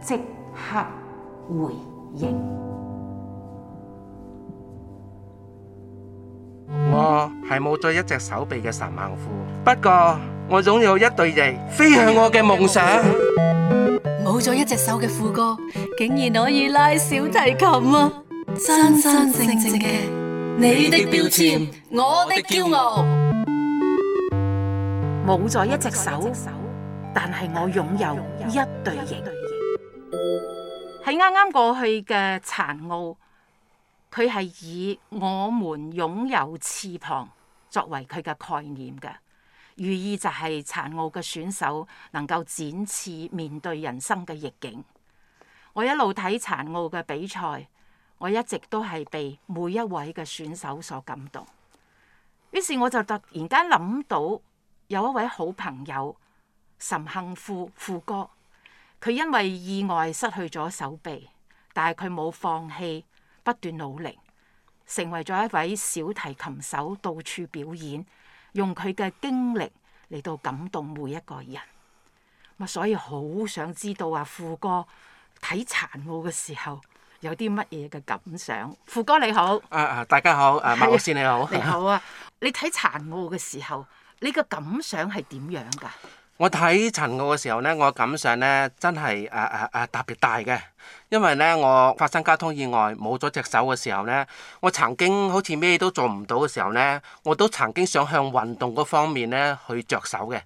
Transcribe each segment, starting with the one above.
即刻回應！我係冇咗一隻手臂嘅神行富，不過我總有一對翼，飛向我嘅夢想。冇咗一隻手嘅富哥，竟然可以拉小提琴啊！真真正正嘅，你的標籤，我的驕傲。冇咗一隻手，但係我擁有一對翼。喺啱啱過去嘅殘奧，佢係以我們擁有翅膀作為佢嘅概念嘅，寓意就係殘奧嘅選手能夠展翅面對人生嘅逆境。我一路睇殘奧嘅比賽，我一直都係被每一位嘅選手所感動。於是我就突然間諗到有一位好朋友，岑幸富富哥。佢因為意外失去咗手臂，但係佢冇放棄，不斷努力，成為咗一位小提琴手，到處表演，用佢嘅經歷嚟到感動每一個人。咁所以好想知道啊，富哥睇殘奧嘅時候有啲乜嘢嘅感想？富哥你好，啊啊，大家好，啊麥老師你好， 你好啊，你睇殘奧嘅時候，你嘅感想係點樣㗎？我睇陳奧嘅時候呢，我感想呢，真係誒誒誒特別大嘅。因為呢，我發生交通意外冇咗隻手嘅時候呢，我曾經好似咩都做唔到嘅時候呢，我都曾經想向運動嗰方面呢去着手嘅。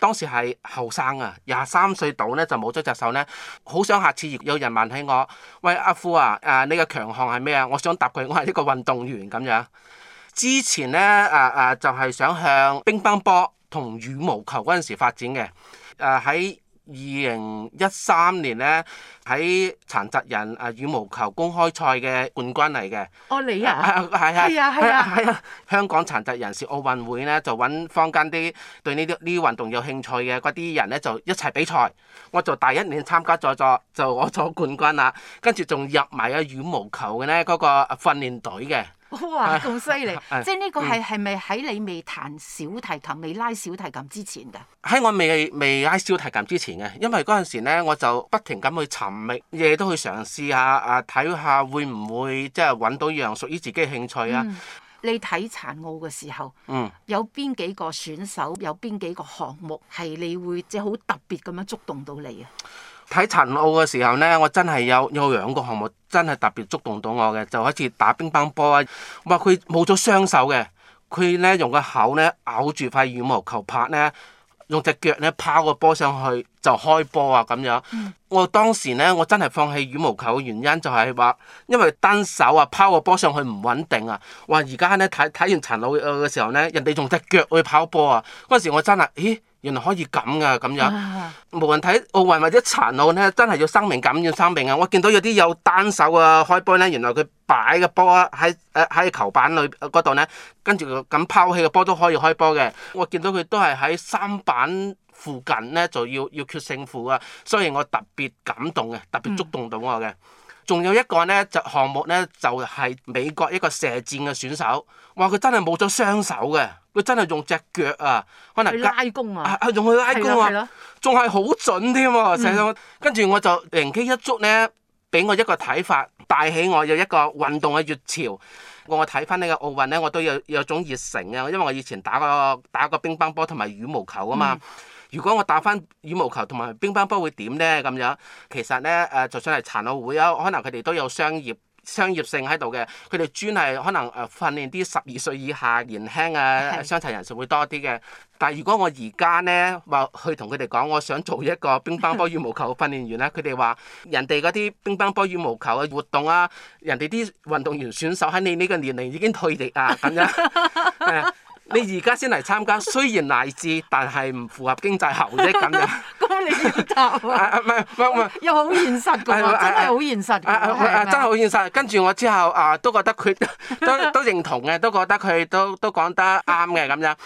當時係後生啊，廿三歲度呢，就冇咗隻手呢。好想下次亦有人問起我，喂阿夫啊，誒、呃、你嘅強項係咩啊？我想答佢，我係一個運動員咁樣。之前呢，誒、呃、誒就係、係、想向乒乓波。同羽毛球嗰陣時發展嘅，誒喺二零一三年呢，喺殘疾人誒羽毛球公開賽嘅冠軍嚟嘅。哦，你啊？係啊係啊係啊，啊，啊，啊，啊，啊！香港殘疾人士奧運會呢，就揾坊間啲對呢啲呢啲運動有興趣嘅嗰啲人呢，就一齊比賽。我就第一年參加咗咗，就攞咗冠軍啦。跟住仲入埋啊羽毛球嘅呢嗰個訓練隊嘅。哇！咁犀利，即係呢個係係咪喺你未彈小提琴、未拉小提琴之前㗎？喺我未未拉小提琴之前嘅，因為嗰陣時呢我就不停咁去尋覓，夜都去嘗試下啊，睇下會唔會即係揾到一樣屬於自己嘅興趣啊！嗯，你睇殘奧嘅時候，嗯，有邊幾個選手，有邊幾個項目係你會即係好特別咁樣觸動到你啊？睇陳奧嘅時候呢，我真係有有兩個項目真係特別觸動到我嘅，就開始打乒乓波啊！話，佢冇咗雙手嘅，佢呢用個口呢咬住塊羽毛球拍呢，用隻腳呢拋個波上去就開波啊咁樣。嗯、我當時呢，我真係放棄羽毛球嘅原因就係、是、話，因為單手啊拋個波上去唔穩定啊！哇，而家呢，睇睇完陳奧嘅時候呢，人哋用隻腳去拋波啊！嗰時我真係，咦～原來可以咁㗎，咁樣無人睇奧運或者殘奧呢，真係要生命感染生命啊！我見到有啲有單手啊開波呢，原來佢擺個波喺誒喺球板裏嗰度呢，跟住咁拋起個波都可以開波嘅。我見到佢都係喺三板附近呢，就要要決勝負啊！所以我特別感動嘅，特別觸動到我嘅。仲、嗯、有一個呢，就項目呢就係、是、美國一個射箭嘅選手，話佢真係冇咗雙手嘅。佢真係用隻腳啊，可能拉弓啊，係、啊、用拉仲係好準添喎、啊！成日我跟住我就靈機一觸呢，俾我一個睇法，帶起我有一個運動嘅熱潮。我睇翻呢個奧運呢，我都有有種熱誠啊。因為我以前打過打過乒乓波同埋羽毛球啊嘛。嗯、如果我打翻羽毛球同埋乒乓波會點呢？咁樣其實呢，誒，就算係殘奧會啊，可能佢哋都有商業。商業性喺度嘅，佢哋專係可能誒，訓練啲十二歲以下年輕嘅傷殘人士會多啲嘅。但係如果我而家呢，話去同佢哋講，我想做一個乒乓波羽毛球訓練員呢，佢哋話人哋嗰啲乒乓波羽毛球嘅活動啊，人哋啲運動員選手喺你呢個年齡已經退役啊，咁樣。 你而家先嚟參加，雖然勵志，但係唔符合經濟效益咁樣。咁你要答啊？唔係唔係。又好現實㗎，係係好現實。啊真係好現實。跟住我之後啊，都覺得佢都都認同嘅，都覺得佢都都講得啱嘅咁樣。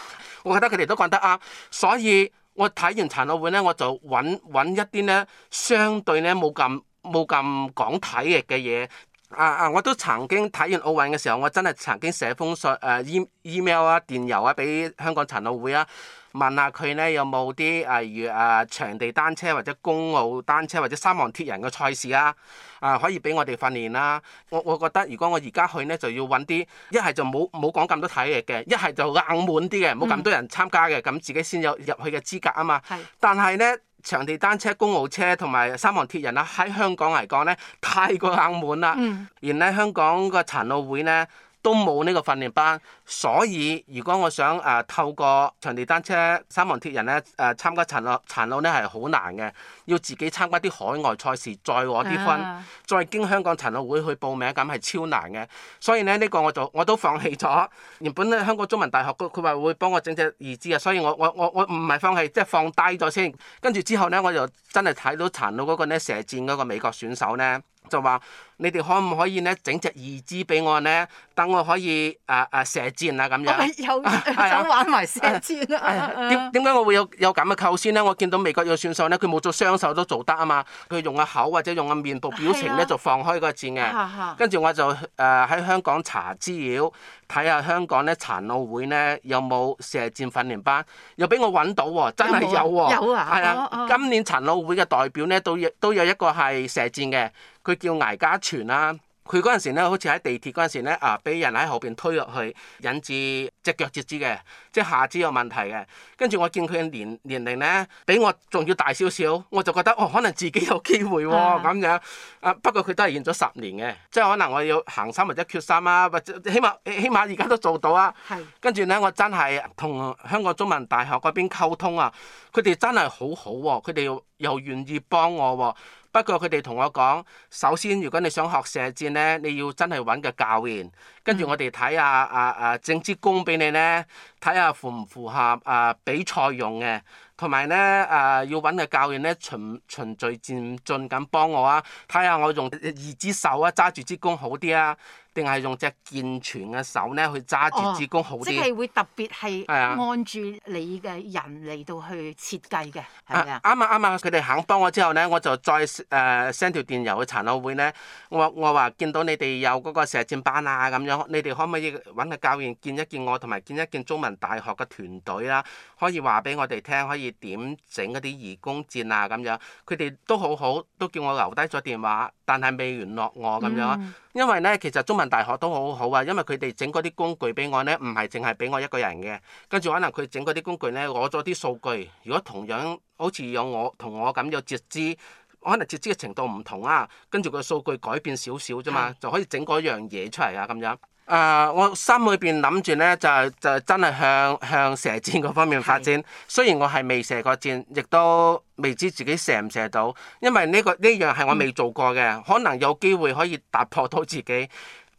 我覺得佢哋都講得啱，所以我睇完殘奧會咧，我就揾揾一啲咧，相對咧冇咁冇咁講體育嘅嘢。啊啊，我都曾經睇完奧運嘅時候，我真係曾經寫封信誒、啊、email 啊、電郵啊，俾香港殘奧會啊，問下佢呢有冇啲例如誒場、啊、地單車或者公路單車或者三項鐵人嘅賽事啊，啊可以俾我哋訓練啦、啊。我我覺得如果我而家去呢，就要揾啲一係就冇冇講咁多體力嘅，一係就冷門啲嘅，冇咁多人參加嘅，咁、嗯、自己先有入去嘅資格啊嘛。是但係呢。場地單車、公路車同埋三項鐵人啦，喺香港嚟講咧，太過冷門啦。嗯、然咧，香港個殘奧會咧。都冇呢個訓練班，所以如果我想誒、呃、透過場地單車、三項鐵人咧誒、呃、參加殘奧殘奧咧係好難嘅，要自己參加啲海外賽事再攞啲分，啊、再經香港殘奧會去報名咁係超難嘅。所以咧呢、呢個我就我都放棄咗。原本咧香港中文大學佢佢話會幫我整隻義肢啊，所以我我我我唔係放棄，即係放低咗先。跟住之後咧，我就真係睇到殘奧嗰個咧射箭嗰個美國選手咧就話。你哋可唔可以咧整隻二支俾我呢？等我可以誒、啊、誒、啊、射箭啊咁樣有 想玩埋射箭啊，啊、 哎呀？點解我會有有咁嘅構思呢？我見到美國嘅選手呢，佢冇做雙手都做得啊嘛。佢用個口或者用個面部表情呢，就放開個箭嘅。跟住我就誒喺香港查資料，睇下香港咧殘奧會呢有冇射箭訓練班，又俾我揾到喎，真係有喎。有啊。係啊，今年殘奧會嘅代表呢，都都有一個係射箭嘅，佢叫危家全啦，佢嗰陣時咧，好似喺地鐵嗰陣時咧，啊，俾人喺後邊推落去，引致隻腳截肢嘅，即係下肢有問題嘅。跟住我見佢嘅年年齡咧，比我仲要大少少，我就覺得哦，可能自己有機會喎、哦，咁的樣。啊，不過佢都係演咗十年嘅，即係可能我要行山或者決心啊，或者起碼起碼而家都做到啊。係的。跟住咧，我真係同香港中文大學嗰邊溝通啊，佢哋真係好好、哦、喎，佢哋又又願意幫我喎、哦。不過佢哋同我講，首先如果你想學射箭呢，你要真係揾個教練。跟住我哋睇下啊啊，整支弓俾你呢，睇下符唔符合啊比賽用嘅。同埋呢，誒、啊、要揾個教練呢，循循序漸進咁幫我啊，睇下我用二指手啊，揸住支弓好啲啊。定係用隻健全嘅手咧去揸住支弓好啲，哦，即係會特別係按住你嘅人嚟到去設計嘅，係咪啊？啱啊啱啊！佢、啊、哋、啊啊、肯幫我之後咧，我就再誒 send 條電郵去殘奧會咧。我我話見到你哋有嗰個射箭班啊咁樣，你哋可唔可以揾個教練見一見我，同埋見一見中文大學嘅團隊啦、啊？可以話俾我哋聽，可以點整嗰啲義工戰啊咁樣。佢哋都好好，都叫我留低咗電話，但係未聯絡我咁樣。嗯。因為咧，其實中文大學都好好啊，因為佢哋整嗰啲工具俾我咧，唔係淨係俾我一個人嘅。跟住可能佢整嗰啲工具咧，攞咗啲數據。如果同樣好似有我同我咁有截肢，可能截肢嘅程度唔同啊。跟住個數據改變少少啫嘛，是就可以整嗰樣嘢出嚟啊，咁樣。誒，uh, 我心裏邊諗住呢，就就真係向向射箭嗰方面發展。是雖然我係未射過箭，亦都未知自己射唔射到，因為呢個呢樣係我未做過嘅，嗯、可能有機會可以突破到自己。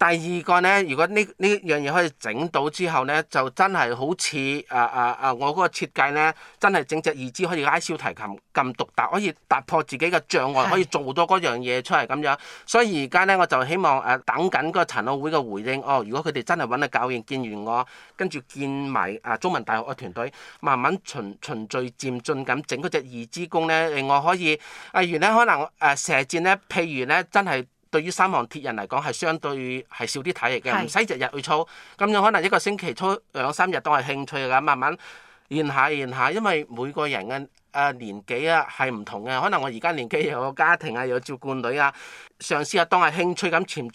第二個呢，如果呢呢樣嘢可以整到之後呢，就真係好似誒誒誒，我嗰個設計咧，真係整隻二支可以拉小提琴咁獨特，可以突破自己嘅障礙，可以做多嗰樣嘢出嚟咁樣。所以而家呢，我就希望誒等緊嗰個殘奧會嘅回應。哦，如果佢哋真係揾到教練，見完我，跟住見埋誒中文大學嘅團隊，慢慢循循序漸進咁整嗰隻二支弓呢。咧，我可以例如咧，可能誒射箭呢，譬如呢真係。對於三項鐵人嚟講，係相對係少啲體力嘅，唔使日日去操。咁你可能一個星期操兩三日當係興趣啦，慢慢練下練下。因為每個人嘅啊年紀啊係唔同嘅，可能我而家年紀又有個家庭啊又有照顧女啊，嘗試下當係興趣咁漸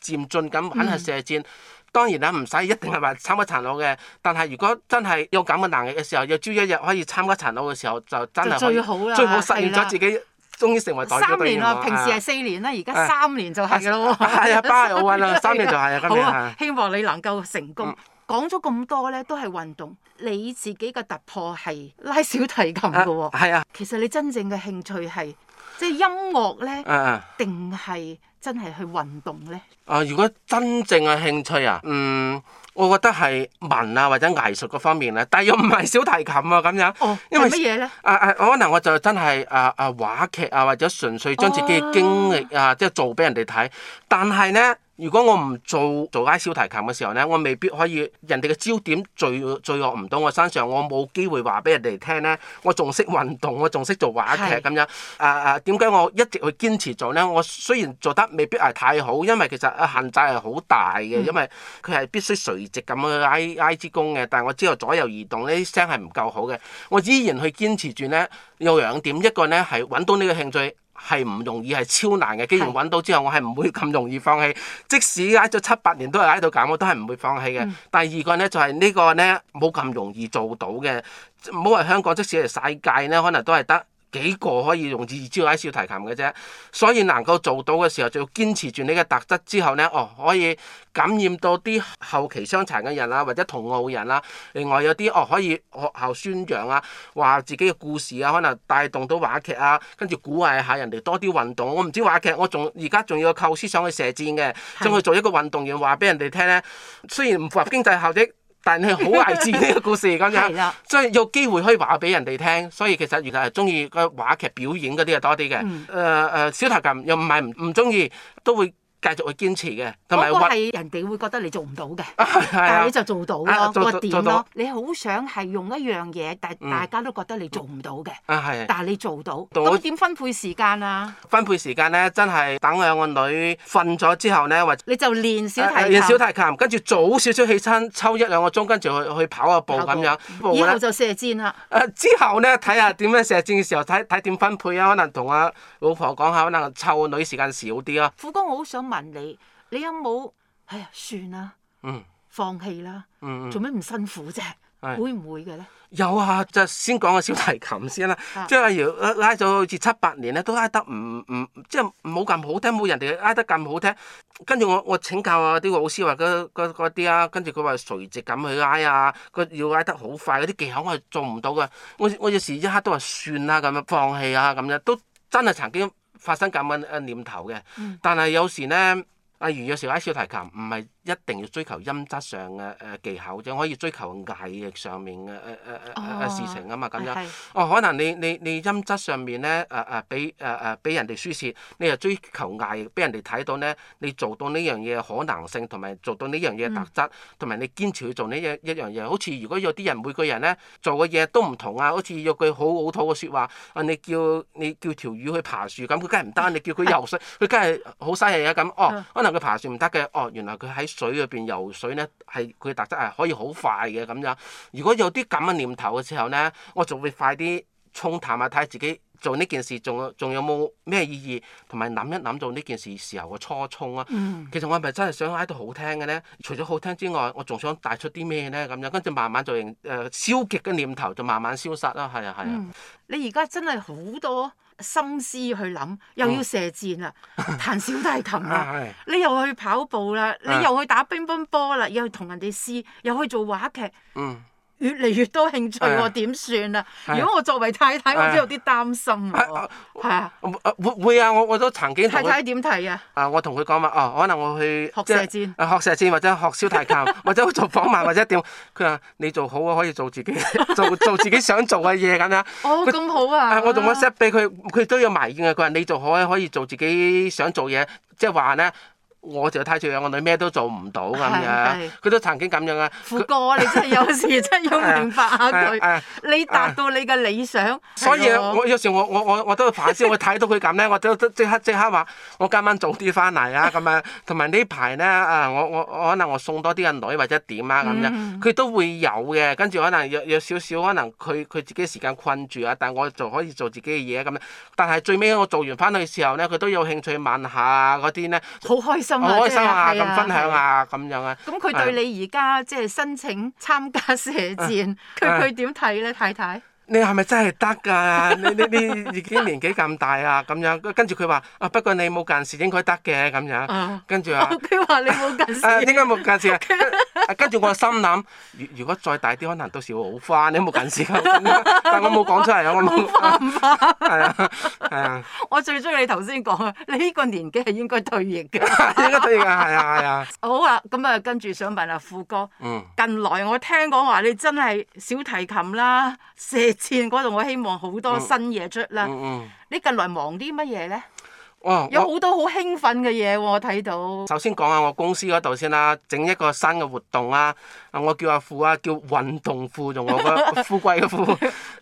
進、漸進咁玩下射箭。嗯、當然啦，唔使一定係話參加殘奧嘅。但係如果真係有咁嘅能力嘅時候，有朝一日可以參加殘奧嘅時候，就真係最好實現咗自己。終於成為代表隊員。三年喎、啊，平時係四年啦、啊，而家、啊、三年就係啦喎。係啊，巴黎奧運三年就係啊，好啊，希望你能夠成功。講咗咁多咧，都係運動。你自己嘅突破係拉小提琴嘅喎。係啊。啊其實你真正嘅興趣係即係音樂咧，定係、啊、真係去運動咧？啊，如果真正嘅興趣啊，嗯。我覺得係文啊或者藝術嗰方面咧，但又唔係小提琴啊咁樣。哦，因為乜嘢咧？啊啊，可能我就真係啊啊，話劇啊或者純粹將自己嘅經歷啊，即係、哦、做俾人哋睇。但係咧。如果我唔做做拉小提琴嘅時候呢，我未必可以人哋嘅焦點聚聚落唔到我身上，我冇機會話俾人哋聽呢，我仲識運動，我仲識做話劇。咁樣啊啊，點解、呃、我一直去堅持做呢？我雖然做得未必係太好，因為其實限制係好大嘅，嗯、因為佢係必須垂直咁樣嘅。拉拉支弓嘅。但係我知道左右移動呢啲聲係唔夠好嘅，我依然去堅持住呢，有兩點。一個呢，係揾到呢個興趣。係唔容易，係超難嘅。既然揾到之後，我係唔會咁容易放棄。是的 即使捱咗七八年都係捱到咁，我都係唔會放棄嘅。嗯、第二個呢，就係、是、呢個呢，冇咁容易做到嘅。唔好話香港，即使係世界呢，可能都係得幾個可以用自招喺小提琴嘅啫，所以能夠做到嘅時候，就要堅持住你嘅特質之後呢，哦，可以感染到啲後期傷殘嘅人啊，或者同澳人啊。另外有啲哦，可以學校宣揚啊，話自己嘅故事啊，可能帶動到話劇啊，跟住鼓勵下人哋多啲運動。我唔知話劇，我仲而家仲要構思想去射箭嘅，再去做一個運動員話俾人哋聽呢。雖然唔符合經濟效益。 但係好勵志呢個故事咁樣，即係有機會可以話俾人哋聽。所以其實原來係中意個話劇表演嗰啲係多啲嘅。誒誒，小提琴又唔係唔唔中意，都會，繼續去堅持嘅，同埋嗰個係人哋會覺得你做唔到嘅，但係你就做到個點咯。你好想係用一樣嘢，但係大家都覺得你做唔到嘅，但係你做到。咁點分配時間啊？分配時間咧，真係等兩個女瞓咗之後咧，或者你就練小提琴，練小提琴，跟住早少少起身抽一兩個鐘，跟住去去跑下步咁樣。以後就射箭啦。之後咧睇下點樣射箭嘅時候，睇睇點分配啊？可能同阿老婆講下，可能湊女時間少啲呀。富哥，我好想。問你，你有冇哎呀，算啦、嗯嗯，嗯，放棄啦，嗯做咩唔辛苦啫？是會唔會嘅咧？有啊，就先講個小提琴先啦，啊、即係例如拉咗好似七八年咧，都拉得唔唔，即係冇咁好聽，冇人哋拉得咁好聽。跟住我，我，我請教啊啲老師話嗰啲啊，跟住佢話垂直咁去拉啊，佢要拉得好快嗰啲技巧我係做唔到嘅。我我有時一刻都話算啦，咁樣放棄啊，咁樣都真係曾經。發生咁嘅誒念頭嘅，但係有時咧。例如有時拉小、哎、提琴，唔係一定要追求音質上嘅誒技巧，就可以追求藝上面嘅誒誒誒誒事情啊嘛。咁樣哦，嗯嗯、可能你你你音質上面咧誒誒俾誒誒俾人哋輸蝕，你又追求藝，俾人哋睇到咧，你做到呢樣嘢嘅可能性，同埋做到呢樣嘢嘅特質，同埋你堅持去做呢一一樣嘢。好似如果有啲人每個人咧做嘅嘢都唔同啊，好似有句好好土嘅説話，話你叫你叫條魚去爬樹咁，佢梗係唔得，你叫佢游水，佢梗係好嘥嘢啊咁。哦、oh，< 雖然 S 2> 可能。佢爬樹唔得嘅，哦，原來佢喺水裏邊游水咧，係佢嘅特質係可以好快嘅咁樣。如果有啲咁嘅念頭嘅時候咧，我就會快啲沖淡下，睇下自己做呢件事仲有仲有冇咩意義，同埋諗一諗做呢件事時候嘅初衷啊。嗯、其實我係咪真係想喺度好聽嘅咧？除咗好聽之外，我仲想帶出啲咩咧？咁樣跟住慢慢就認誒消極嘅念頭就慢慢消失啦。係啊，係啊。嗯、啊你而家真係好多～心思去諗，又要射箭啦，嗯、彈小提琴啦， 你又去跑步啦，你又去打乒乓波啦，啊、又去同人哋試，又去做話劇。嗯越嚟越多興趣喎，點算啊？哎、如果我作為太太，我都有啲擔心喎，係啊。會會啊，我我都曾經太太點睇啊？啊，我同佢講話，哦、啊，可能我去學射箭、啊，學射箭或者學燒太極， 或者做訪問或者點？佢話你做好啊，可以做自己 做做自己想做嘅嘢咁啦。哦， 咁好啊！我同我 set 俾佢，佢都有埋怨。啊。佢話你做好可以做自己想做嘢，即係話咧。就是我就睇住我個女咩都做唔到咁樣，佢是都曾經咁樣啊。副哥，她你真係有時 真係要明白下佢。哎哎哎、你達到你嘅理想。所以，哎、呀我，我有時我我我我都反思我睇到佢咁咧，我都即 刻即刻話：我今晚早啲翻嚟啊！咁啊，同埋呢排咧啊，我我，我可能我送多啲嘅女或者點啊咁樣，佢都會有嘅。跟住可能有有少少可能佢佢自己時間困住啊，但係我仲可以做自己嘅嘢咁樣。但係最尾我做完翻去嘅時候咧，佢都有興趣問下嗰啲咧。好開。好開心啊！咁分享啊，咁樣啊。咁佢對你而家即係申請參加射箭，佢佢點睇咧，太太？你係咪真係得㗎？你你你已經年紀咁大啊，咁樣。跟住佢話：啊不過你冇近視應該得嘅咁樣。跟住啊，佢話你冇近視、啊，應該冇近視啊。Okay. 跟住我心諗，如如果再大啲，可能到時會好翻。你冇近視，但我冇講出嚟我好翻啊係啊！啊我最中意你頭先講啊！你呢個年紀係應該退役㗎。 應該退役係啊係啊！啊好啊，咁啊跟住想問下、啊、富哥。嗯、近來我聽講話你真係小提琴啦，前嗰度我希望好多新嘢出啦。嗯嗯嗯、你近來忙啲乜嘢呢？哦、有好多好興奮嘅嘢喎，我睇到。首先講下我公司嗰度先啦，整一個新嘅活動啊！我叫阿富，叫運富，富 啊，叫運動褲，仲我 個富貴嘅褲，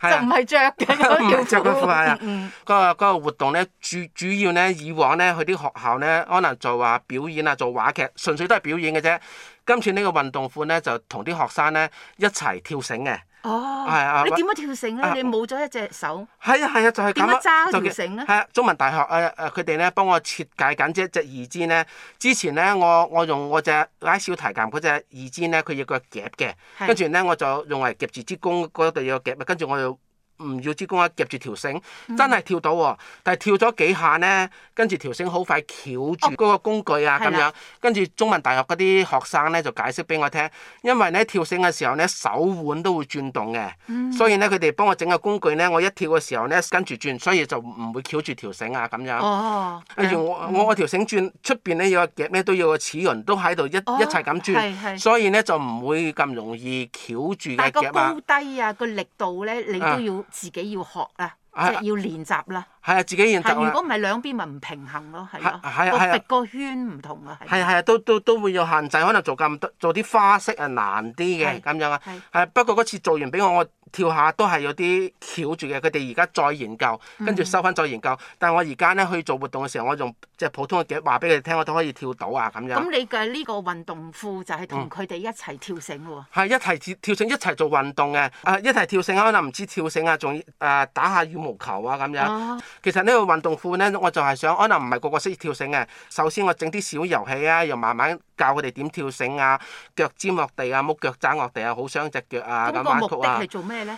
就唔係着嘅。唔著嘅褲係嗰個活動呢，主主要呢，以往呢，去啲學校呢，可能就話表演啊，做話劇，純粹都係表演嘅啫。今次呢個運動褲呢，就同啲學生呢一齊跳繩嘅。哦，啊、你點樣跳繩咧？啊、你冇咗一隻手。係啊係啊，就係、咁樣、點樣揸住條繩咧？係啊，中文大學誒誒，佢哋咧幫我設計緊隻隻二尖咧。之前咧，我我用我隻拉小提琴嗰隻二尖咧，佢要個夾嘅，是跟住咧我就用嚟夾住支弓嗰度有夾，咪跟住我就。唔要支公仔夾住條繩，真係跳到喎！但係跳咗幾下呢，跟條繩住條繩好快翹住嗰個工具啊咁、哦、樣。跟住中文大學嗰啲學生呢，就解釋俾我聽，因為呢，跳繩嘅時候呢，手腕都會轉動嘅，嗯、所以呢，佢哋幫我整個工具呢，我一跳嘅時候呢，跟住轉，所以就唔會翹住條繩啊咁樣。跟住、哦、我、嗯、我個條繩轉出邊呢，面有個夾咩都要個齒輪都喺度一一齊咁轉，轉哦、所以呢，就唔會咁容易翹住嘅夾啊。但係個高低啊、個力度呢，你都要。啊啊自己要學啊，即係要練習啦。係啊，自己練習。如果唔係兩邊咪唔平衡咯，係咯。個幅個圈唔同啊。係啊係啊，都都都會有限制，可能做咁多做啲花式啊難啲嘅咁樣啊。係啊，不過嗰次做完俾我我。跳下都係有啲翹住嘅，佢哋而家再研究，跟住收翻再研究。嗯、但係我而家咧去做活動嘅時候，我用即係普通嘅嘢話俾佢哋聽，我都可以跳到啊咁樣。咁你嘅呢個運動褲就係同佢哋一齊跳繩喎。係、嗯、一齊跳跳繩，一齊做運動嘅，啊一齊跳繩可能唔知跳繩啊，仲誒、呃、打下羽毛球啊咁樣。其實呢個運動褲咧，我就係想可能唔係個個識跳繩嘅。首先我整啲小遊戲啊，又慢慢教佢哋點跳繩啊，腳尖落地啊，冇腳踭落地啊，好傷隻腳啊，拉彎啊。啊。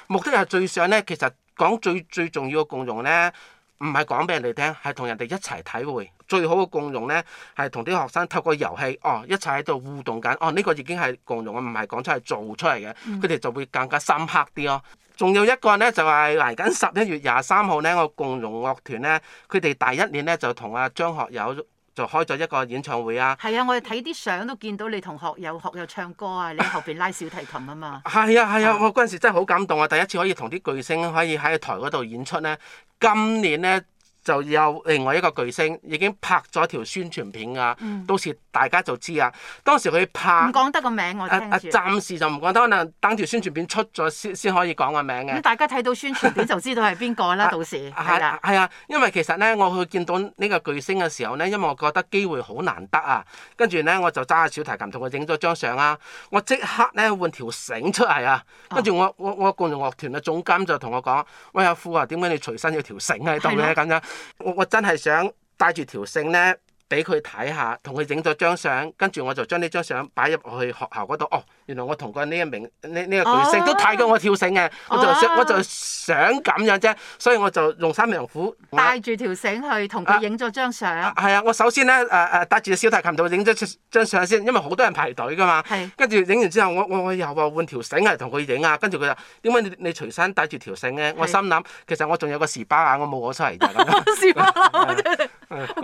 目的係最想咧，其實講最最重要嘅共融咧，唔係講俾人哋聽，係同人哋一齊體會最好嘅共融咧，係同啲學生透過遊戲哦，一齊喺度互動緊哦，呢、這個已經係共融啊，唔係講出嚟係做出嚟嘅，佢哋就會更加深刻啲咯、哦。仲有一個咧，就係嚟緊十一月廿三號咧，我共融樂團咧，佢哋第一年咧就同阿張學友。就開咗一個演唱會啊！係啊，我哋睇啲相都見到你同學又學又唱歌啊，你後邊拉小提琴啊嘛！係 啊係啊，啊，我嗰陣時真係好感動啊！第一次可以同啲巨星可以喺台嗰度演出呢。今年呢，就有另外一個巨星已經拍咗條宣傳片啊，都成。嗯大家就知啊！當時佢怕，唔講得個名，我聽住、啊。暫時就唔講得，可能等條宣傳片出咗先先可以講個名嘅、嗯。大家睇到宣傳片就知道係邊個啦， 到時係啦。係啊，因為其實呢，我去見到呢個巨星嘅時候呢，因為我覺得機會好難得啊，跟住呢，我就揸下小提琴同佢影咗張相啊。我即刻呢，換條繩出嚟啊！跟住我我我管絃樂團嘅總監就同我講，喂阿富啊，點解你隨身要條繩喺度呢？的」咁樣，我我真係想帶住條繩呢。俾佢睇下，同佢影咗張相，跟住我就將呢張相擺入去學校嗰度哦。原來我同過呢一名呢呢個巨星都睇過我跳繩嘅，我就想我就想咁樣啫，所以我就用三洋斧帶住條繩去同佢影咗張相。係啊，我首先咧誒誒，帶住小提琴度影咗張相先，因為好多人排隊㗎嘛。係。跟住影完之後，我我我又換條繩嚟同佢影啊。跟住佢就：「點解你你隨身帶住條繩咧？」我心諗其實我仲有個士包啊，我冇攞出嚟㗎。士包，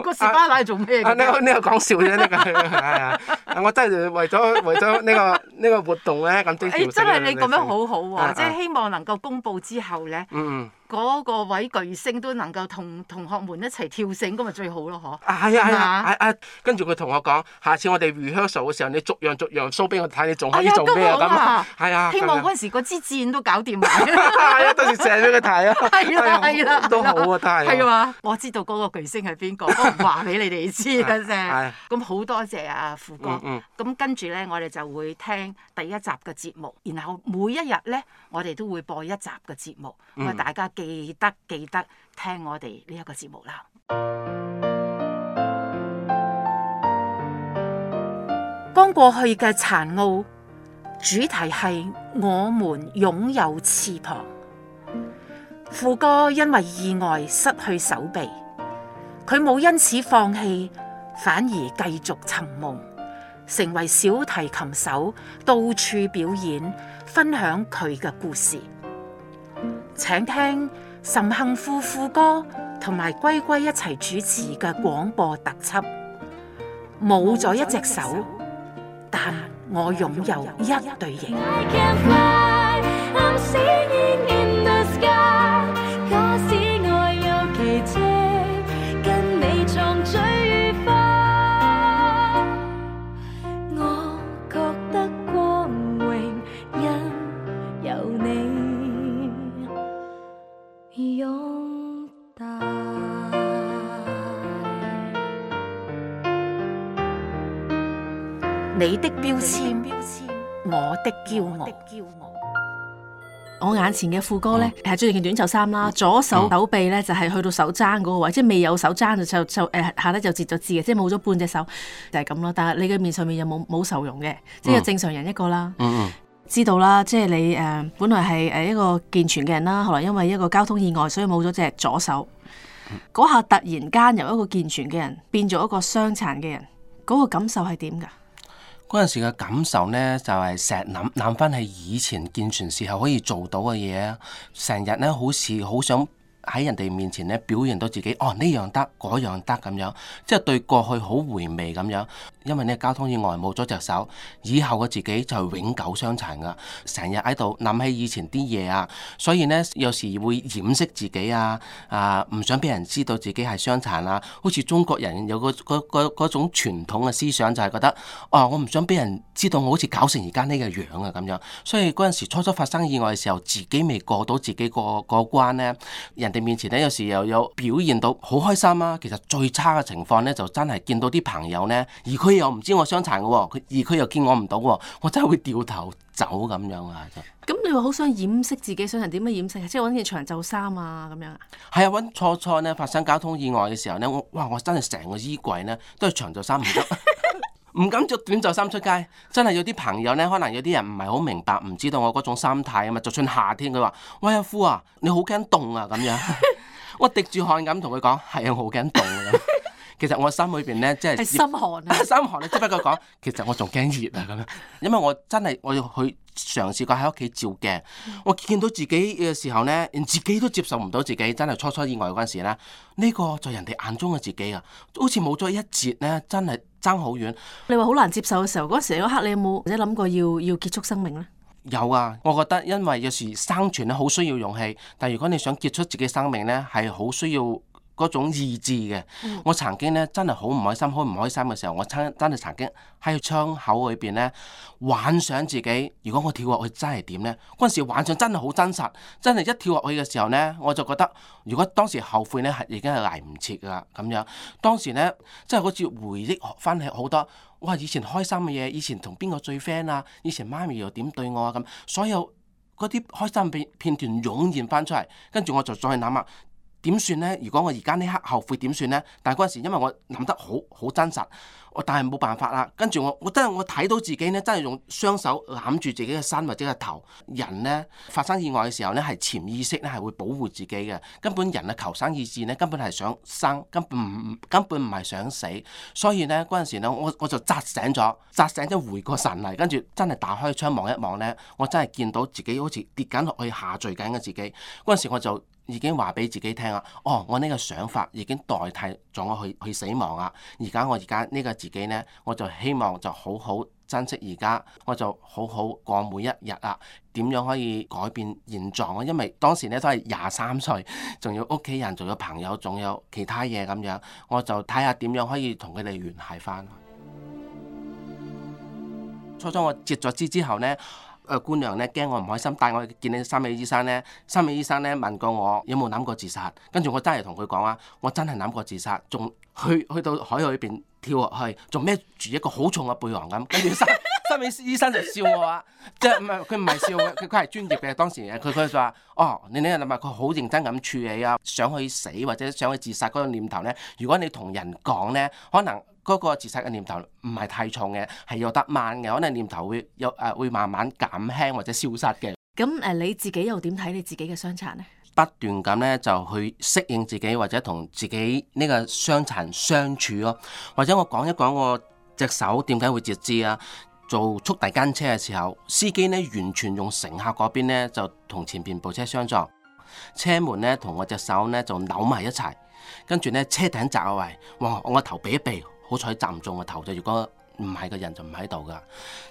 個士包係做咩㗎？呢個呢講笑啫，呢個係啊！我真係為咗為咗呢個呢個。個活動咧，咁，真係你咁樣好好喎、啊！嗯嗯，即係希望能夠公佈之後咧。嗯嗯嗰個位巨星都能夠同同學們一齊跳繩，咁咪最好咯，嗬！啊，係啊，係啊，啊啊，跟住佢同我講：下次我哋 rehearsal 嘅時候，你逐樣逐樣 show 俾我睇，你仲可以做咩啊？咁啊，啊，希望嗰時嗰支箭都搞掂埋。係啊，到時射俾佢睇啊！係啊，係啊，都好啊，都係。係嘛？我知道嗰個巨星係邊個，我唔話俾你哋知嘅啫。咁好多謝啊，富哥。咁跟住咧，我哋就會聽第一集嘅節目，然後每一日咧，我哋都會播一集嘅節目，咁啊，大家。記得記得聽我哋呢一個節目啦。剛過去嘅殘奧主題係我們擁有翅膀。富哥因為意外失去手臂，佢冇因此放棄，反而繼續尋夢，成為小提琴手，到處表演，分享佢嘅故事。請聽岑幸富富哥同埋龜龜一齊主持嘅廣播特輯。冇咗一隻手，但我擁有一對翼。你的標籤，我的驕傲。我眼前嘅富哥呢，誒着住件短袖衫啦，左手手臂呢，就係、是、去到手踭嗰個位，嗯、即係未有手踭就就誒、呃、下底就截咗字，嘅，即係冇咗半隻手就係咁咯。但係你嘅面上面又冇冇愁容嘅，即、就、係、是、正常人一個啦。嗯、知道啦，即係你誒、呃、本來係誒一個健全嘅人啦，後來因為一個交通意外，所以冇咗隻左手。嗰下、嗯、突然間由一個健全嘅人變咗一個傷殘嘅人，嗰、那個感受係點㗎？嗰陣時嘅感受呢，就係成日諗諗翻起以前健全時候可以做到嘅嘢，成日呢，好似好想，喺人哋面前咧表現到自己，哦呢樣得嗰樣得咁樣，即係對過去好回味咁樣。因為呢交通意外冇咗隻手，以後嘅自己就永久傷殘㗎，成日喺度諗起以前啲嘢啊。所以呢，有時會掩飾自己啊，啊唔想俾人知道自己係傷殘啊。好似中國人有個個個嗰種傳統嘅思想，就係覺得，哦我唔想俾人知道我好似搞成而家呢個樣啊咁樣。所以嗰陣時初初發生意外嘅時候，自己未過到自己過過、嗰個、關呢。人。面前呢，有時又有表現到好開心啊！其實最差嘅情況呢，就真係見到啲朋友呢，而佢又唔知我傷殘嘅喎，佢而佢又見我唔到喎，我真係會掉頭走咁樣啊！真。咁你話好想掩飾自己想人，點樣掩飾啊？即係揾件長袖衫啊，咁樣啊？係啊，揾初初呢。發生交通意外嘅時候呢，我哇！我真係成個衣櫃呢，都係長袖衫，唔得。 唔敢着短袖衫出街，真係有啲朋友呢，可能有啲人唔係好明白，唔知道我嗰種心態啊嘛。就算夏天，佢話：喂，阿夫啊，你好驚凍啊咁樣。 我滴住汗咁同佢講：係啊，我好驚凍。其實我心裏邊咧，即係心寒啊！ 心寒，你只不過講，其實我仲驚熱啊咁樣，因為我真係我要去嘗試過喺屋企照鏡，嗯、我見到自己嘅時候咧，連自己都接受唔到自己，真係初初意外嗰陣時咧，呢、呢個在人哋眼中嘅自己啊，好似冇咗一截咧，真係爭好遠。你話好難接受嘅時候，嗰時嗰刻你有冇或者諗過要要結束生命咧？有啊，我覺得因為有時生存咧，好需要勇氣，但如果你想結束自己生命咧，係好需要。嗰種意志嘅，我曾經呢真係好唔開心，好唔開心嘅時候，我真真係曾經喺個窗口裏邊呢幻想自己，如果我跳落去真係點呢？嗰陣時幻想真係好真實，真係一跳落去嘅時候呢，我就覺得如果當時後悔呢，係已經係嚟唔切㗎喇咁樣。當時呢真係好似回憶返起好多，哇！以前開心嘅嘢，以前同邊個最 friend 啊？以前媽咪又點對我啊？咁所有嗰啲開心片片段湧現返出嚟，跟住我就再諗下。點算呢？如果我而家呢刻後悔點算呢？但係嗰陣時，因為我諗得好好真實，我但係冇辦法啦。跟住我，我真係我睇到自己呢，真係用雙手攬住自己嘅身或者個頭。人呢，發生意外嘅時候呢，係潛意識呢係會保護自己嘅。根本人嘅求生意志呢，根本係想生，根本唔根本唔係想死。所以呢，嗰陣時呢，我我就扎醒咗，扎醒咗回過神嚟，跟住真係打開窗望一望呢，我真係見到自己好似跌緊落去下墜緊嘅自己。嗰陣時我就。已經話俾自己聽啦，哦，我呢個想法已經代替咗我去去死亡啦。而家我而家呢個自己呢，我就希望就好好珍惜而家，我就好好過每一日啦。點樣可以改變現狀啊？因為當時呢都係廿三歲，仲有屋企人，仲有朋友，仲有其他嘢咁樣，我就睇下點樣可以同佢哋聯繫返。初初我接咗資之後呢。誒、呃、姑娘咧驚我唔開心，帶我去見啲心理醫生咧。心理醫生咧問過我有冇諗過自殺，跟住我真係同佢講啊，我真係諗過自殺，仲去去到海裏邊跳落去，仲孭住一個好重嘅背囊咁。跟住心心理 醫生就笑我啊，即係唔係佢，唔係笑，佢，佢係專業嘅。當時佢佢就話：哦，你呢諗唔係佢好認真咁處理啊，想去死或者想去自殺嗰個念頭咧，如果你同人講咧，可能。嗰個自殺嘅念頭唔係太重嘅，係又得慢嘅，可能念頭會有誒，會慢慢減輕或者消失嘅。咁誒，你自己又點睇你自己嘅傷殘呢？不斷咁呢，就去適應自己或者同自己呢個傷殘相處咯。或者我講一講我隻手點解會截肢啊？做速遞間車嘅時候，司機呢完全用乘客嗰邊呢就同前面部車相撞，車門呢，同我隻手呢，就扭埋一齊，跟住呢，車頂砸位，嚟，哇！我個頭避一避。好彩站唔中個頭啫，如果唔係個人就唔喺度噶。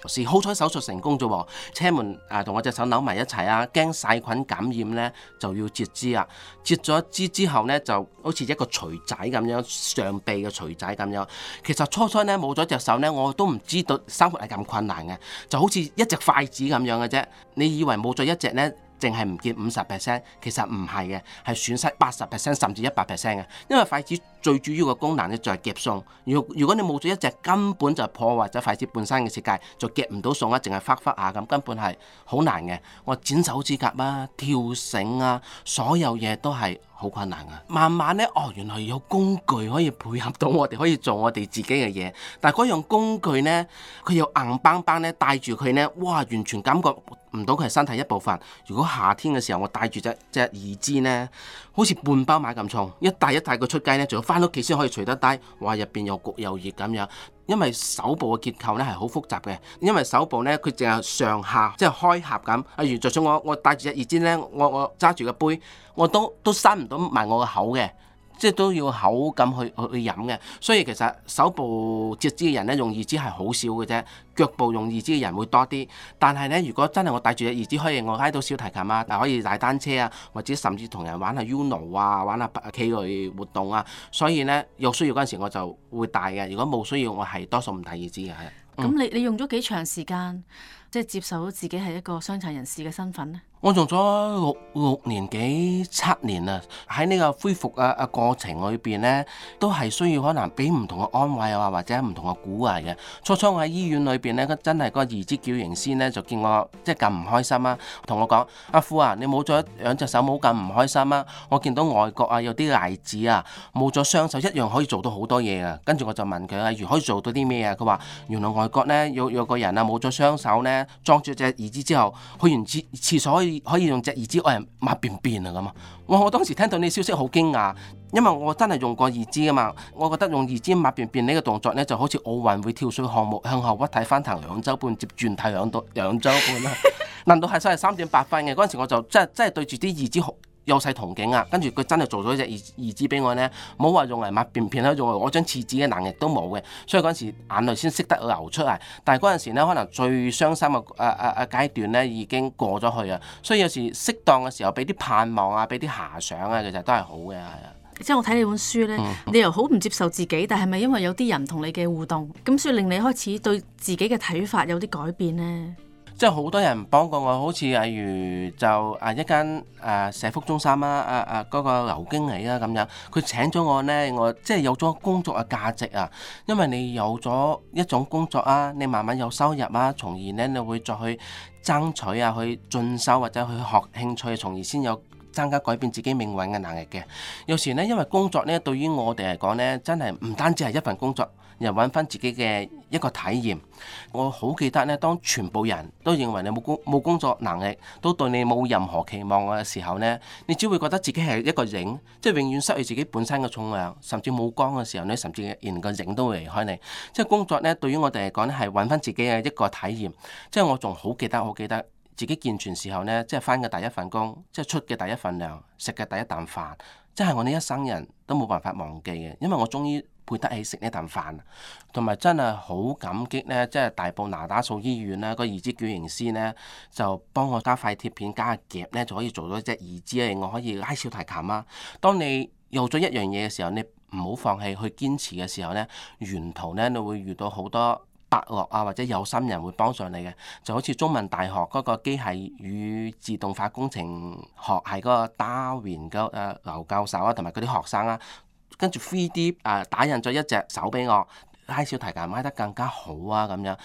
係好彩手術成功啫，車門啊同我隻手扭埋一齊啊，驚細菌感染呢，就要截肢啊。截咗一肢之後呢，就好似一個錘仔咁樣，上臂嘅錘仔咁樣。其實初初呢，冇咗隻手呢，我都唔知道生活係咁困難嘅，就好似一隻筷子咁樣嘅啫。你以為冇咗一隻呢？淨係唔見五十 percent，其實唔係嘅，係損失八十 percent 甚至一百 percent 嘅。因為筷子最主要嘅功能咧就係夾餸。若如果你冇咗一隻，根本就破壞咗筷子本身嘅設計，就夾唔到餸啊，淨係忽忽下咁，根本係好難嘅。我剪手指甲啊、跳繩啊，所有嘢都係好困難嘅。慢慢呢，哦，原來有工具可以配合到我哋，可以做我哋自己嘅嘢。但係嗰樣工具呢，佢又硬邦邦呢，帶住佢呢，哇，完全感覺～唔到佢係身體一部分。如果夏天嘅時候，我戴住隻隻義肢呢，好似半包米咁重，一帶一帶佢出街呢，仲要返屋企先可以除得低。話入邊又焗又熱咁樣，因為手部嘅結構呢，係好複雜嘅。因為手部呢，佢淨係上下即係開合咁。例如，就算我我戴住隻義肢呢，我我揸住個杯，我都都伸唔到埋我個口嘅。即係都要口咁去去去飲嘅，所以其實手部截肢嘅人咧用義肢係好少嘅啫，腳部用義肢嘅人會多啲。但係咧，如果真係我戴住隻義肢可以，我拉到小提琴啊，可以踩單車啊，或者甚至同人玩下 Uno 啊，玩下企類活動啊。所以咧，有需要嗰陣時我就會戴嘅。如果冇需要，我係多數唔戴義肢嘅。係、嗯。咁你你用咗幾長時間，即係接受自己係一個傷殘人士嘅身份咧？我做咗六六年幾七年啊！喺呢個恢復啊啊過程裏邊呢，都係需要可能俾唔同嘅安慰啊，或者唔同嘅鼓勵嘅。初初我喺醫院裏邊呢，真係個義肢矯形師呢，就見我即係咁唔開心啊，同我講：阿夫啊，你冇咗兩隻手冇咁唔開心啊！我見到外國啊有啲例子啊，冇咗雙手一樣可以做到好多嘢嘅。跟住我就問佢：啊，原來可以做到啲咩啊？佢話：原來外國呢，有有個人啊冇咗雙手呢，裝住隻義肢之後去完廁廁所。可以用隻椅支愛人抹便便啊咁啊！我我當時聽到呢消息好驚訝，因為我真係用過椅支啊嘛，我覺得用椅支抹便便呢，這個動作呢，就好似奧運會跳水項目向後屈體翻騰兩周半接轉體兩度兩周半啦。 難道係真係三點八分嘅？嗰時我就真真係對住啲椅支。學。優勢同境啊，跟住佢真係做咗一隻義肢俾我呢。唔好話用嚟抹便便啦，用嚟攞張廁紙嘅能力都冇嘅，所以嗰陣時眼淚先識得流出嚟。但係嗰陣時咧，可能最傷心嘅誒、呃呃、階段呢已經過咗去啊，所以有時適當嘅時候俾啲盼望啊，俾啲遐想啊，其實都係好嘅，係啊。即係我睇你本書呢，嗯、你又好唔接受自己，但係咪因為有啲人同你嘅互動，咁所以令你開始對自己嘅睇法有啲改變呢？即係好多人幫過我，好似例如就啊一間啊社福中心啊，啊啊嗰個劉經理啊咁樣，佢請咗我呢，我即係有咗工作嘅價值啊，因為你有咗一種工作啊，你慢慢有收入啊，從而呢，你會再去爭取啊，去進修或者去學興趣，從而先有增加改變自己命運嘅能力嘅，有時咧，因為工作咧，對於我哋嚟講咧，真係唔單止係一份工作，又揾翻自己嘅一個體驗。我好記得咧，當全部人都認為你冇工冇工作能力，都對你冇任何期望嘅時候咧，你只會覺得自己係一個影，即係永遠失去自己本身嘅重量，甚至冇光嘅時候咧，甚至連個影都會離開你。即係工作咧，對於我哋嚟講咧，係揾翻自己嘅一個體驗。即係我仲好記得，好記得。自己健全時候呢，即係返嘅第一份工，即係出嘅第一份糧，食嘅第一啖飯，即係我呢一生人都冇辦法忘記嘅，因為我終於配得起食呢啖飯，同埋真係好感激呢，即係大埔那打素醫院咧，嗰個義肢矯形師呢，就幫我加塊貼片加下夾呢，就可以做到隻義肢咧，我可以拉小提琴啦，啊。當你有咗一樣嘢嘅時候，你唔好放棄去堅持嘅時候呢，沿途呢，你會遇到好多。伯樂啊，或者有心人會幫上你嘅，就好似中文大學嗰個機械與自動化工程學系嗰個 Darwin 嘅誒、呃、劉教授啊，同埋佢啲學生啊，跟住 3D 誒、呃、打印咗一隻手俾我，拉小提琴拉得更加好啊咁樣。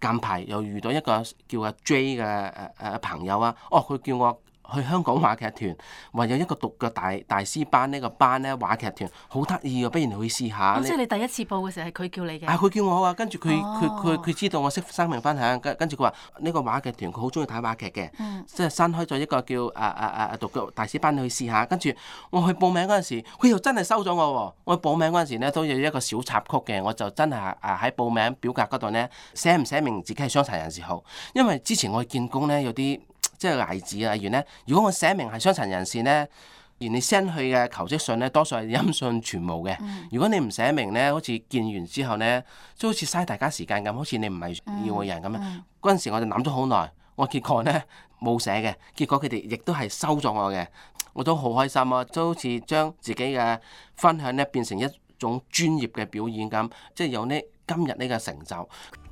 近排又遇到一個叫阿 J 嘅誒誒朋友啊，哦佢叫我，去香港話劇團，話有一個獨腳大大師班呢個班咧，話劇團好得意嘅，不如你去試下。即係你第一次報嘅時候係佢叫你嘅。係佢、啊、叫我啊。跟住佢佢佢佢知道我識生命分享，跟跟住佢話呢個話劇團佢好中意睇話劇嘅，即係、嗯、新開咗一個叫啊啊啊獨腳大師班，你去試下。跟住我去報名嗰陣時，佢又真係收咗我喎、啊。我去報名嗰陣時咧，都有一個小插曲嘅，我就真係啊喺報名表格嗰度咧寫唔寫明自己係傷殘人士好，因為之前我去見工咧有啲。即係例子啊，例如咧，如果我寫明係傷殘人士咧，而你 send 去嘅求職信咧，多數係音訊全無嘅。如果你唔寫明咧，好似見完之後咧，即好似嘥大家時間咁，好似你唔係要嘅人咁樣。嗰陣、嗯嗯、時我就諗咗好耐，我結果咧冇寫嘅，結果佢哋亦都係收咗我嘅，我都好開心啊，都好似將自己嘅分享咧變成一種專業嘅表演咁，即係有呢。今日呢個成就，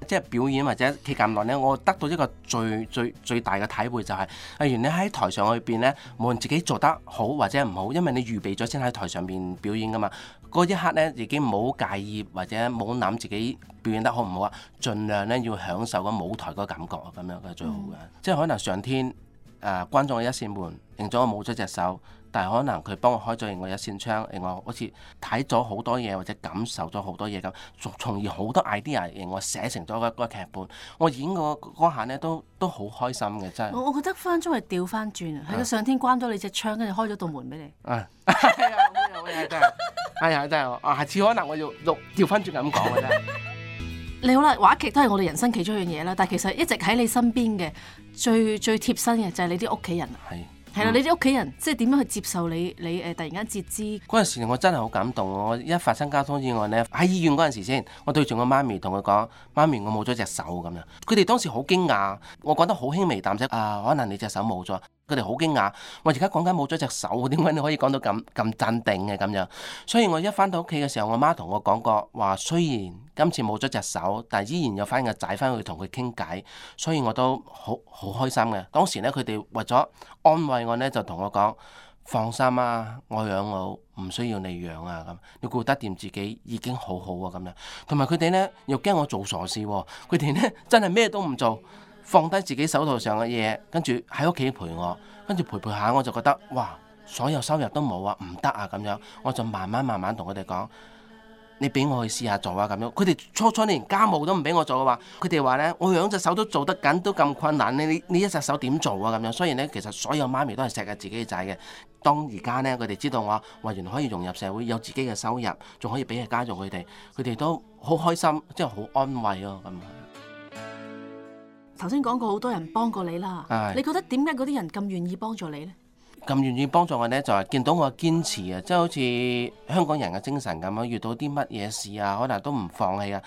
即係表演或者企咁耐呢，我得到一個最最最大嘅體會就係、是，例如你喺台上嗰邊呢，無論自己做得好或者唔好，因為你預備咗先喺台上邊表演㗎嘛。嗰一刻呢，自己唔好介意或者冇諗自己表演得好唔好啊，盡量呢要享受個舞台個感覺啊，咁樣係最好嘅。嗯、即係可能上天誒關咗我一扇門，認咗我冇咗隻手。但係可能佢幫我開咗另外一扇窗，另外好似睇咗好多嘢或者感受咗好多嘢咁，從而好多 idea 令我寫成咗個個劇本。我演過、嗰個嗰下咧都都好開心嘅，真係。我我覺得分分鐘係掉翻轉啊！係個上天關咗你隻窗，跟住開咗道門俾你。啊，係啊，真係，係真係，下次可能我要錄掉翻轉咁講嘅啫。你好啦，話劇都係我哋人生其中一樣嘢啦，但係其實一直喺你身邊嘅最最貼身嘅就係你啲屋企人啦。係。係啦，你啲屋企人、嗯、即係點樣去接受你？你誒、呃、突然間截肢嗰陣時，我真係好感動。我一發生交通意外咧，喺醫院嗰陣時先，我對住我媽咪同佢講：媽咪，我冇咗隻手咁樣。佢哋當時好驚訝，我覺得好輕微淡聲啊，可能你隻手冇咗。佢哋好驚訝，我而家講緊冇咗隻手，點解你可以講到咁咁鎮定嘅咁樣？所以，我一返到屋企嘅時候，我媽同我講過話，雖然今次冇咗隻手，但係依然有返個仔返去同佢傾偈，所以我都好好開心嘅。當時咧，佢哋為咗安慰我咧，就同我講，放心啊，我養我，唔需要你養啊，咁你顧得掂自己已經好好啊咁樣。同埋佢哋咧又驚我做傻事喎、啊，佢哋咧真係咩都唔做。放低自己手頭上嘅嘢，跟住喺屋企陪我，跟住陪陪下我就覺得哇，所有收入都冇啊，唔得啊咁樣，我就慢慢慢慢同佢哋講，你俾我去試下做啊咁樣。佢哋初初連家務都唔俾我做嘅話，佢哋話咧，我兩隻手都做得緊，都咁困難，你你你一隻手點做啊咁樣。雖然咧，其實所有媽咪都係錫下自己仔嘅。當而家咧，佢哋知道我話，原來可以融入社會，有自己嘅收入，仲可以俾嘢家用佢哋，佢哋都好開心，即係好安慰咯、啊、咁。頭先講過好多人幫過你啦，的你覺得點解嗰啲人咁願意幫助你呢？咁願意幫助我呢，就係見到我堅持啊，即係好似香港人嘅精神咁樣，遇到啲乜嘢事啊，可能都唔放棄啊，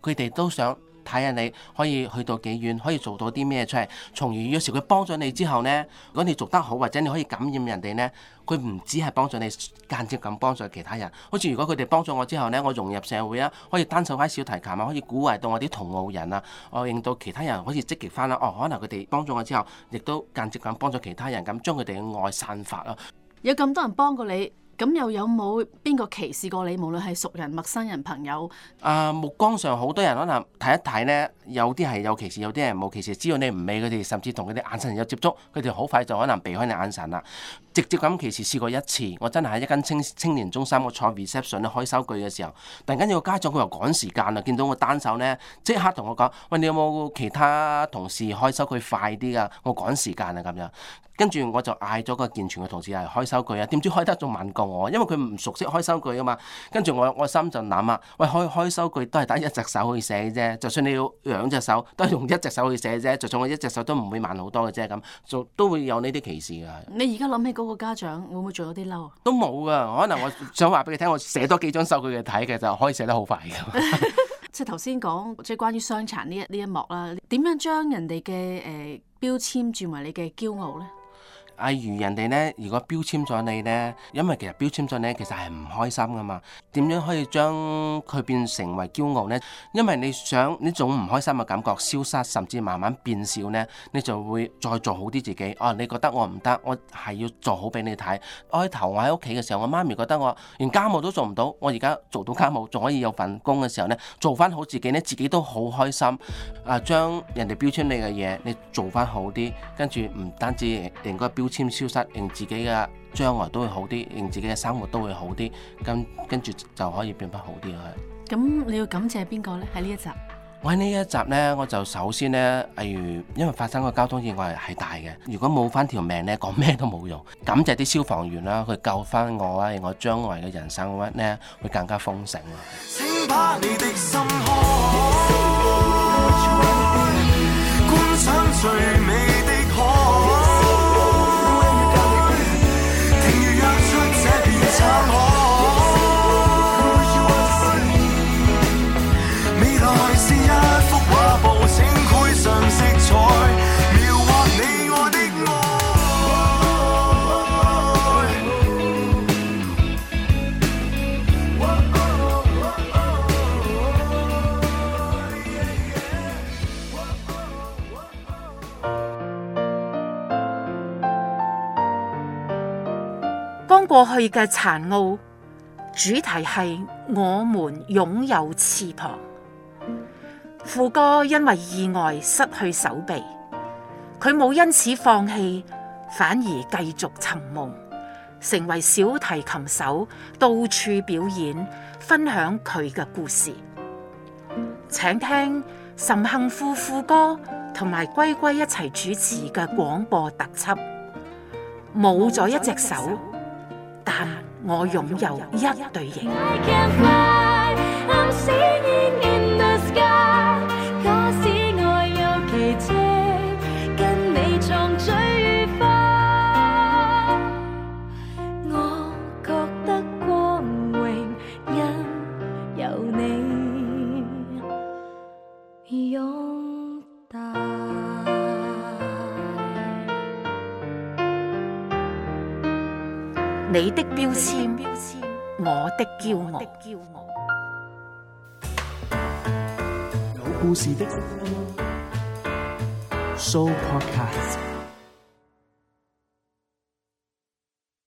佢哋都想。睇下你可以去到幾遠，可以做到啲咩出嚟。從而有時佢幫咗你之後呢，如果你做得好，或者你可以感染人哋呢，佢唔止係幫助你，間接咁幫助其他人。好似如果佢哋幫咗我之後呢，我融入社會啊，可以單手揮小提琴啊，可以鼓勵到我啲同路人啊，我令到其他人可以積極翻啦。哦，可能佢哋幫咗我之後，亦都間接咁幫咗其他人，咁將佢哋嘅愛散發咯。有咁多人幫過你。咁又有冇邊個歧視過你？無論係熟人、陌生人、朋友。啊，目光上好多人可能睇一睇呢。有啲係有歧視，有啲係冇歧視。只要你唔理佢哋，甚至同佢哋眼神有接觸，佢哋好快就可能避開你眼神啦。直接咁歧視試過一次，我真係喺一間青青年中心，我坐 reception 咧開收據嘅時候，突然間有個家長佢又趕時間啦，見到我單手呢，即刻同我講：喂，你有冇其他同事開收據快啲噶啊？我趕時間啊咁樣。跟住我就嗌咗個健全嘅同事嚟開收據啊，點知開得仲慢過我，因為佢唔熟悉開收據啊嘛。跟住我我心就諗啊：喂，開開收據都係得一隻手去寫啫，就算你要兩隻手都係用一隻手去寫啫，就算我一隻手都唔會慢好多嘅啫，咁都會有呢啲歧視㗎。你而家諗起？嗰個家長會唔會仲有啲嬲啊？都冇噶，可能我想話俾你聽，我寫多幾張手稿佢睇嘅，就可以寫得好快嘅 即係頭先講即係關於傷殘呢一呢一幕啦，點樣將人哋嘅誒標籤轉為你嘅驕傲咧？例如人哋呢，如果標籤咗你呢，因為其實標籤咗你其實係唔開心噶嘛。點樣可以將佢變成為驕傲呢？因為你想呢種唔開心嘅感覺消失，甚至慢慢變少呢，你就會再做好啲自己。哦，你覺得我唔得，我係要做好俾你睇。開頭我喺屋企嘅時候，我媽咪覺得我連家務都做唔到，我而家做到家務仲可以有份工嘅時候呢，做翻好自己呢，自己都好開心。啊，將人哋標籤你嘅嘢，你做翻好啲，跟住唔單止唔應該標籤消失，令自己嘅將來都會好啲，令自己嘅生活都會好啲，咁跟住就可以變翻好啲啊！咁你要感謝邊個咧？喺呢一集，我喺呢一集咧，我就首先咧，例如因為發生個交通意外係大嘅，如果冇翻條命咧，講咩都冇用。感謝啲消防員啦，佢救翻我啊，令我將來嘅人生嘅話呢會更加豐盛。過去嘅殘奧主題係我們擁有翅膀。富哥因為意外失去手臂，佢冇因此放棄，反而繼續尋夢，成為小提琴手，到處表演，分享佢嘅故事。請聽岑幸富富哥同埋龜龜一齊主持嘅廣播特輯，冇咗一隻手。但我擁有一對翼。你的標籤，我的驕傲。有故事的 Soul Podcast。